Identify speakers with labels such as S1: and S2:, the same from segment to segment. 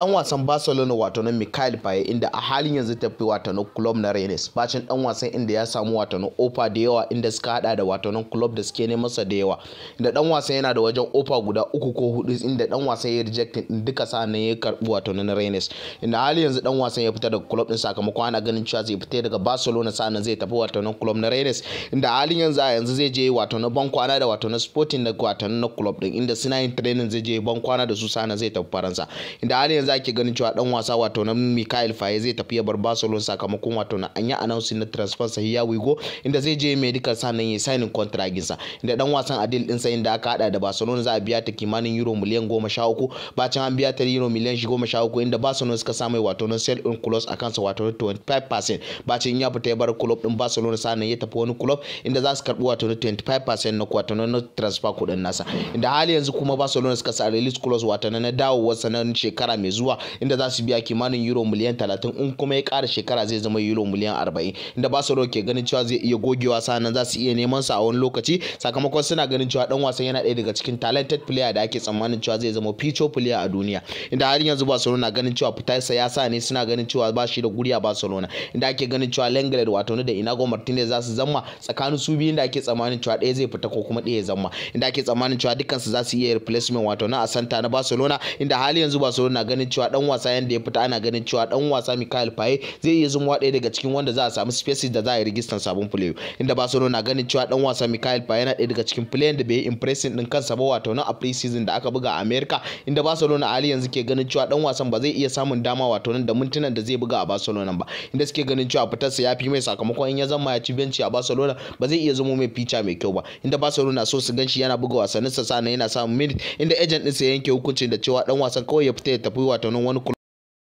S1: dan wasan barcelona wato na mikhail baye inda a halin yanzu tafi wato na club na rennes bacin dan wasan inda ya samu wato na opa da yawa inda suka hada da wato na club da suke neman sa da yawa inda dan wasan yana da wajen Opa guda uku ko hudu inda dan wasan ya reject din duka sa'annan ya karbi wato na rennes inda halin yanzu dan wasan ya fita daga club din sakamakon ana ganin cewa zai fita daga barcelona sa'annan zai tafi wato na club na rennes inda halin yanzu a yanzu zai je wato na bankwana da wato na sporting da wato na club din inda suna yin training zai je bankwana da su sa'annan zai tafi faransa inda halin yanzu ake ganin cewa dan wasa wato na Mikael Faye zai tafi ya bar Barcelona sakamakon wato na anya announcing na transfer sa ya wigo inda zai je medical nan ya signing contract ginsa inda dan wasan Adil din sa inda aka hada da Barcelona za a biya ta kimanin euro miliyan 13 bacin an biya ta euro miliyan 13 inda Barcelona suka samu wato na sell in clause akan sa wato 25% bacin ya fita ya bar club din Barcelona nan ya tafi wani club inda za su karbi wato na 25% na wato na transfer kudin nasa inda hali yanzu kuma Barcelona suka sa release clause wato na dawowarsa na shekara mai zuwa inda za su biya kimanin euro miliyan 30 in kuma ya kara shekara zai zama euro miliyan 40 inda su ke ganin cewa zai iya gogewa sanan za su iya neman sa a wani lokaci sakamakon suna ganin cewa dan wasan yana ɗaya daga cikin talented player da ake tsammanin cewa zai zama future player a duniya inda har yanzu na ganin cewa sa ya sa ne suna ganin cewa ba shi da guri a Barcelona inda ake ganin cewa Lenglet wato da Inago Martinez za su zama tsakanin su biyu da ake tsammanin cewa ɗaya zai fita ko kuma ɗaya ya zama inda ake tsammanin cewa dukkan su za su iya replacement wato na Asanta na Barcelona inda hali yanzu Barcelona ganin ganin cewa dan wasa yanda ya fita ana ganin cewa dan wasa Mikael Faye zai iya zumuwa ɗaya daga cikin wanda za a samu spaces da za a yi rijistan sabon player inda Barcelona na ganin cewa dan wasa Mikael Faye yana ɗaya daga cikin player da bai yi impressing din kansa ba wato na a pre-season da aka buga a America inda Barcelona a hali yanzu ke ganin cewa dan wasan ba zai iya samun dama wato nan da mintunan da zai buga a Barcelona ba inda suke ganin cewa fitar ya fi mai sakamakon in ya zama ya ci benci a Barcelona ba zai iya zama mai fica mai kyau ba inda Barcelona so su ganshi yana buga wasanninsa sana yana samun minute inda agent din sa yanke hukuncin da cewa dan wasan kawai ya fita ya tafi eu não ando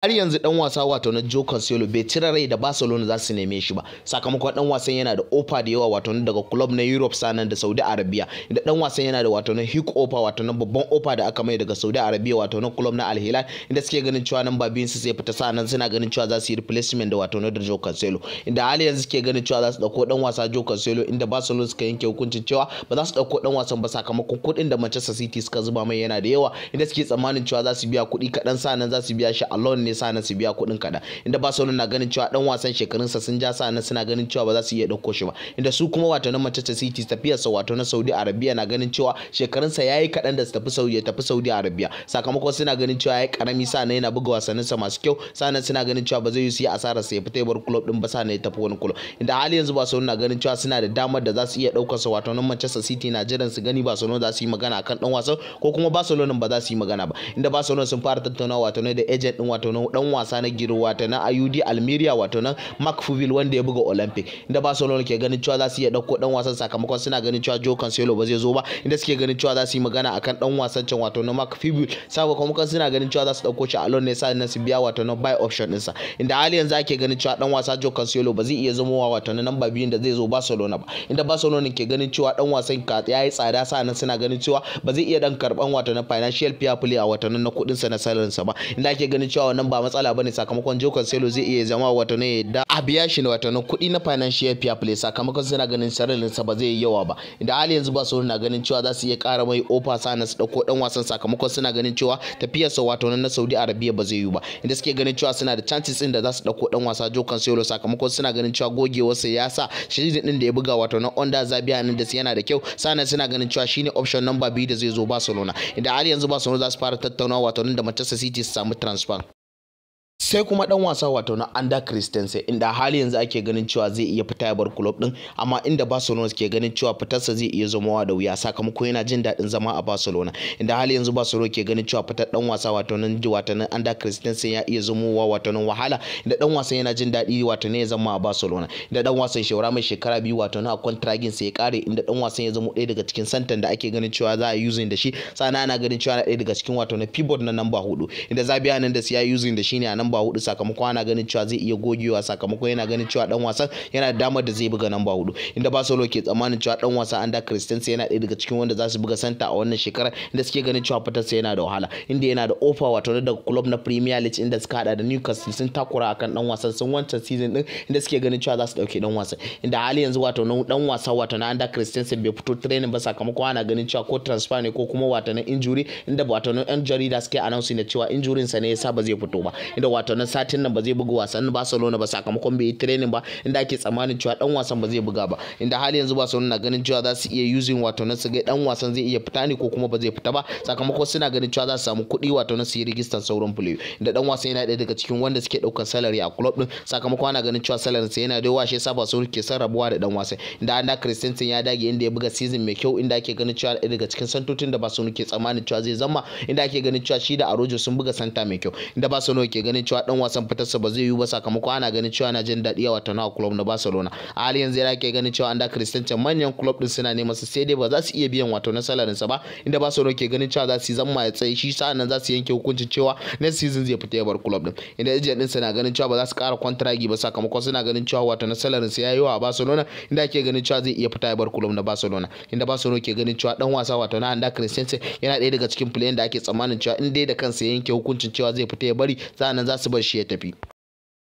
S1: har yanzu dan wasa wato na Joe Cancelo bai cire rai da Barcelona za su neme shi ba sakamakon dan wasan yana da offer da yawa wato daga club na Europe sanan da Saudi Arabia inda dan wasan yana da wato na hik offer wato na babban offer da aka mai daga Saudi Arabia wato na club na Al Hilal inda suke ganin cewa nan babin su sai fita sanan suna ganin cewa za su yi replacement da wato na Joe Cancelo inda har yanzu suke ganin cewa za su dauko dan wasa Joe Cancelo inda Barcelona suka yanke hukuncin cewa ba za su dauko dan wasan ba sakamakon kuɗin da Manchester City suka zuba mai yana da yawa inda suke tsammanin cewa za su biya kuɗi kaɗan sanan za su biya shi alone ne ya sa su biya kuɗin kada inda Barcelona na ganin cewa dan wasan shekarunsa sun ja sa suna ganin cewa ba za su iya ɗauko shi ba inda su kuma wato na Manchester City sa wato na Saudi Arabia na ganin cewa shekarunsa yayi kaɗan da su tafi Saudi tafi Saudi Arabia sakamakon suna ganin cewa yayi karami sa yana buga wasannin sa masu kyau sa suna ganin cewa ba zai yi su asara sa ya fita bar club din ba sa ya tafi wani club inda hali yanzu Barcelona na ganin cewa suna da damar da za su iya ɗaukar sa wato na Manchester City na jiran su gani Barcelona za su yi magana akan dan wasan ko kuma Barcelona ba za su yi magana ba inda Barcelona sun fara tattaunawa wato ne da agent din wato dan wasa na girwa ta na Ayudi Almeria wato nan Mark wanda ya buga Olympic inda Barcelona ke ganin cewa za su iya dauko dan wasan sakamakon suna ganin cewa Joe Cancelo ba zai zo ba inda suke ganin cewa za su yi magana akan dan wasan can wato na Mark Fuvil sakamakon suna ganin cewa za su dauko shi Alon ne sai su biya wato na buy option sa inda hali yanzu ake ganin cewa dan wasa Joe Cancelo ba zai iya zama wato na namba biyun da zai zo Barcelona ba inda Barcelona ke ganin cewa dan wasan ka yayi tsada sa'annan suna ganin cewa ba zai iya dan karban wato na financial fair play a wato na kudin sa na salarin sa ba inda ake ganin cewa wannan ba matsala bane sakamakon Joe selo zai iya zama wato ne da a biya shi wato ne kuɗi na financial fair play sakamakon suna ganin sararin sa ba zai yi yawa ba inda hali yanzu ba su na ganin cewa za su iya ƙara mai ofa sana su dauko dan wasan sakamakon suna ganin cewa tafiyar sa wato na Saudi Arabia ba zai yi ba inda suke ganin cewa suna da chances din da za su dauko dan wasa Joe selo sakamakon suna ganin cewa gogewar sa ya sa shirin din da ya buga wato na Onda Zabia nan da yana da kyau sana suna ganin cewa shine option number 2 da zai zo Barcelona inda hali yanzu su za su fara tattaunawa wato nan da Manchester City su samu transfer sai kuma dan wasa wato na under Christensen inda hali yanzu ake ganin cewa zai iya fita ya bar club din amma inda Barcelona ke ganin cewa fitarsa zai iya zama da wuya sakamakon yana jin daɗin zama a Barcelona inda hali yanzu Barcelona ke ganin cewa fitar dan wasa wato nan wato nan Ander Christensen ya iya zamowa wato nan wahala inda dan wasan yana jin daɗi wato ne ya zama a Barcelona inda dan wasan shaura mai shekara biyu wato na contragin sai ya kare inda dan wasan ya zama ɗaya daga cikin santan da ake ganin cewa za a yi using da shi sana ana ganin cewa na ɗaya daga cikin wato na pivot na number hudu inda zabiya nan da ya using da shi ne a namba hudu sakamakon ana ganin cewa zai iya gogewa sakamakon yana ganin cewa dan wasan yana da damar da zai buga namba hudu inda ba solo ke tsammanin cewa dan wasa anda kristensa yana ɗaya daga cikin wanda za su buga santa a wannan shekara inda suke ganin cewa fitarsa yana da wahala inda yana da ofa wato daga club na Premier League inda suka hada da Newcastle sun takura akan dan wasan sun wancan season din inda suke ganin cewa za su dauke dan wasan inda hali yanzu wato na dan wasa wato na anda kristensa bai fito training ba sakamakon ana ganin cewa ko transfer ne ko kuma wato na injury inda wato na yan jarida suke announcing da cewa injury sa ne yasa ba zai fito ba inda wato na satin nan ba zai buga wasan Barcelona ba sakamakon bai yi training ba inda ake tsammanin cewa dan wasan ba zai buga ba inda hali yanzu Barcelona na ganin cewa za su iya using wato na su ga dan wasan zai iya fita ne ko kuma ba zai fita ba sakamakon suna ganin cewa za su samu kuɗi wato na su yi rigistan sauran player inda dan wasan yana ɗaya daga cikin wanda suke ɗaukar salary a club din sakamakon ana ganin cewa salary sa yana da yawa shi yasa Barcelona ke son rabuwa da dan wasan inda Anda Christensen ya dage inda ya buga season mai kyau inda ake ganin cewa ɗaya daga cikin santocin da Barcelona ke tsammanin cewa zai zama inda ake ganin cewa shi da Arojo sun buga santa mai kyau inda Barcelona ke ganin ganin cewa dan wasan fitarsa ba zai yi ba sakamako ana ganin cewa na jin dadi wa Watanawa club na Barcelona a halin yanzu yake ganin cewa an da Christensen manyan club din suna neman su sai dai ba za su iya biyan wato na salarin sa ba inda Barcelona ke ganin cewa za su zama ya tsaye shi sa nan za su yanke hukuncin cewa next season zai fita ya bar club din inda agent din na ganin cewa ba za su kara contract ba sakamakon suna ganin cewa wato na salarin sa yayi wa Barcelona inda ake ganin cewa zai iya fita ya bar club na Barcelona inda Barcelona ke ganin cewa dan wasa wato na Anda Christensen yana daya daga cikin player da ake tsammanin cewa in dai da kansa yanke hukuncin cewa zai fita ya bari sa'an nan za su bar shi ya tafi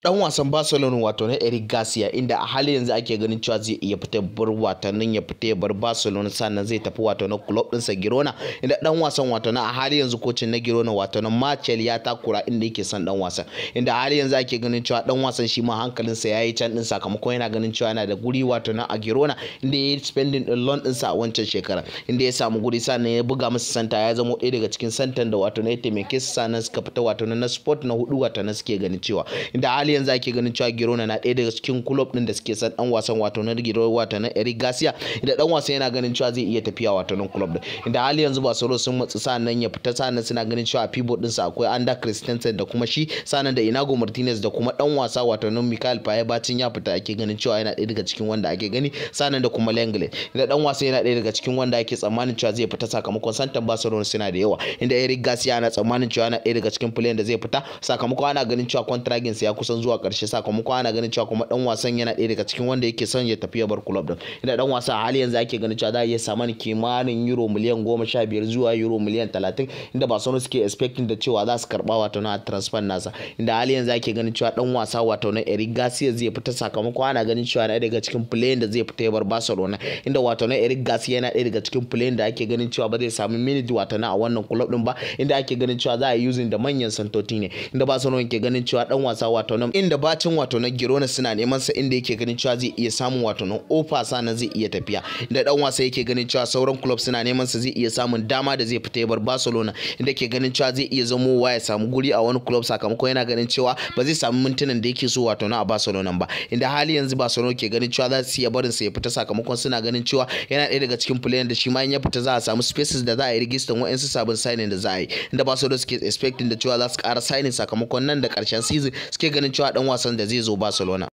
S1: dan wasan Barcelona wato na Eric Garcia inda a halin yanzu ake ganin cewa zai iya fita bar watannin ya fita bar Barcelona sannan zai tafi wato na club din sa Girona inda dan wasan wato na a halin yanzu kocin na Girona wato na Marcel ya takura inda yake son dan wasan inda a halin yanzu ake ganin cewa dan wasan shi ma hankalin sa yayi can din sakamakon yana ganin cewa yana da guri wato na a Girona inda yayi spending din loan din sa a wancan shekara inda ya samu guri sannan ya buga musu santa ya zama ɗaya daga cikin santan da wato na ya taimake sannan suka fita wato na sport na hudu wato na suke ganin cewa inda misali yanzu ake ganin cewa Girona na ɗaya daga cikin club ɗin da suke san dan wasan wato na Girona wato na Eric Garcia da dan wasan yana ganin cewa zai iya tafiya wato nan club din inda hali yanzu Barcelona sun matsi sanan ya fita sanan suna ganin cewa pivot din sa akwai Ander Christensen da kuma shi sanan da Inago Martinez da kuma dan wasa wato nan Michael Paye bacin ya fita ake ganin cewa yana ɗaya daga cikin wanda ake gani sanan da kuma Lenglet inda dan wasan yana ɗaya daga cikin wanda ake tsammanin cewa zai fita sakamakon santan Barcelona suna da yawa inda Eric Garcia yana tsammanin cewa yana ɗaya daga cikin player da zai fita sakamakon ana ganin cewa contragin ya kusan zuwa karshe sakamakon ana ganin cewa kuma dan wasan yana ɗaya daga cikin wanda yake son ya tafi ya bar club din ina dan wasa a hali yanzu ake ganin cewa za a iya samun kimanin euro miliyan goma sha biyar zuwa euro miliyan talatin inda ba sanu suke expecting da cewa za su karba wato na transfer nasa inda hali yanzu ake ganin cewa dan wasa wato na Eric Garcia zai fita sakamakon ana ganin cewa na daga cikin player da zai fita ya bar Barcelona inda wato na Eric Garcia yana ɗaya daga cikin player da ake ganin cewa ba zai samu minute wato na a wannan club din ba inda ake ganin cewa za a yi using da manyan santoti ne inda sanu ke ganin cewa dan wasa wato na inda bacin wato na Girona suna neman sa inda yake ganin cewa zai iya samun wato na ofa sana zai iya tafiya da dan wasa yake ganin cewa sauran club suna neman sa zai iya samun dama da zai fita ya bar Barcelona inda yake ganin cewa zai iya wa ya samu guri a wani club sakamakon yana ganin cewa ba zai samu mintunan da yake so wato na a Barcelona ba inda hali yanzu Barcelona ke ganin cewa za su iya barin sa ya fita sakamakon suna ganin cewa yana ɗaya daga cikin player da shi ma in ya fita za a samu spaces da za a yi registan wa'ansu sabon signing da za a yi inda Barcelona suke expecting da cewa za su ƙara signing sakamakon nan da ƙarshen season suke ganin cewa dan wasan da zai zo Barcelona